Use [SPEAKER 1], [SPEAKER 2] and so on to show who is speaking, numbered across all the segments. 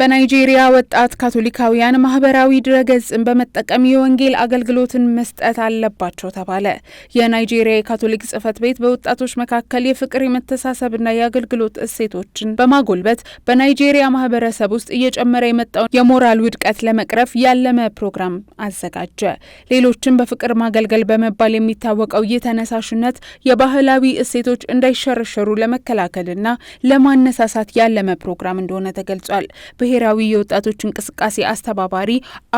[SPEAKER 1] በናይጄሪያ ወጣት ካቶሊካውያን ማህበራዊ ድረገጽን በመጠቀም የወንጌል አገልግሎትን መስጠት አለባቸው ተባለ። የናይጄሪያ የካቶሊክ ጽህፈት ቤት በወጣቶች መካከል የፍቅር የመተሳሰብና የአገልግሎት እሴቶችን በማጎልበት በናይጄሪያ ማህበረሰብ ውስጥ እየጨመረ የመጣውን የሞራል ውድቀት ለመቅረፍ ያለመ ፕሮግራም አዘጋጀ። ሌሎችን በፍቅር ማገልገል በመባል የሚታወቀው ይህ ተነሳሽነት የባህላዊ እሴቶች እንዳይሸረሸሩ ለመከላከልና ለማነሳሳት ያለመ ፕሮግራም እንደሆነ ተገልጿል። ብሔራዊ የወጣቶች እንቅስቃሴ አስተባባሪ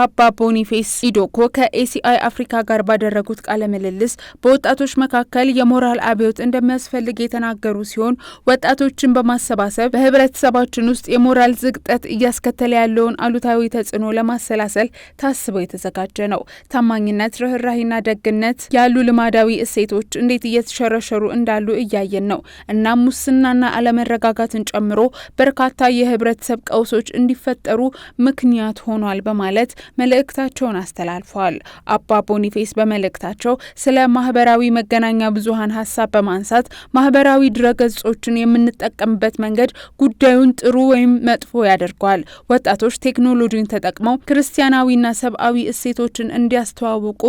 [SPEAKER 1] አባ ቦኒፌስ ኢዶኮ ከኤሲአይ አፍሪካ ጋር ባደረጉት ቃለ ምልልስ በወጣቶች መካከል የሞራል አብዮት እንደሚያስፈልግ የተናገሩ ሲሆን ወጣቶችን በማሰባሰብ በህብረተሰባችን ውስጥ የሞራል ዝግጠት እያስከተለ ያለውን አሉታዊ ተጽዕኖ ለማሰላሰል ታስቦ የተዘጋጀ ነው። ታማኝነት፣ ርኅራሄና ደግነት ያሉ ልማዳዊ እሴቶች እንዴት እየተሸረሸሩ እንዳሉ እያየን ነው። እናም ሙስናና አለመረጋጋትን ጨምሮ በርካታ የህብረተሰብ ቀውሶች እንዲፈጠሩ ምክንያት ሆኗል በማለት መልእክታቸውን አስተላልፈዋል። አባ ቦኒፌስ በመልእክታቸው ስለ ማህበራዊ መገናኛ ብዙሃን ሀሳብ በማንሳት ማህበራዊ ድረገጾችን የምንጠቀምበት መንገድ ጉዳዩን ጥሩ ወይም መጥፎ ያደርገዋል። ወጣቶች ቴክኖሎጂን ተጠቅመው ክርስቲያናዊና ሰብአዊ እሴቶችን እንዲያስተዋውቁ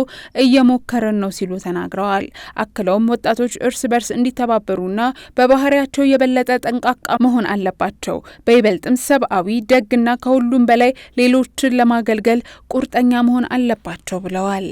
[SPEAKER 1] እየሞከረን ነው ሲሉ ተናግረዋል። አክለውም ወጣቶች እርስ በርስ እንዲተባበሩና በባህሪያቸው የበለጠ ጠንቃቃ መሆን አለባቸው። በይበልጥም ሰብአዊ ደግ ማድረግና ከሁሉም በላይ ሌሎችን ለማገልገል ቁርጠኛ መሆን አለባቸው ብለዋል።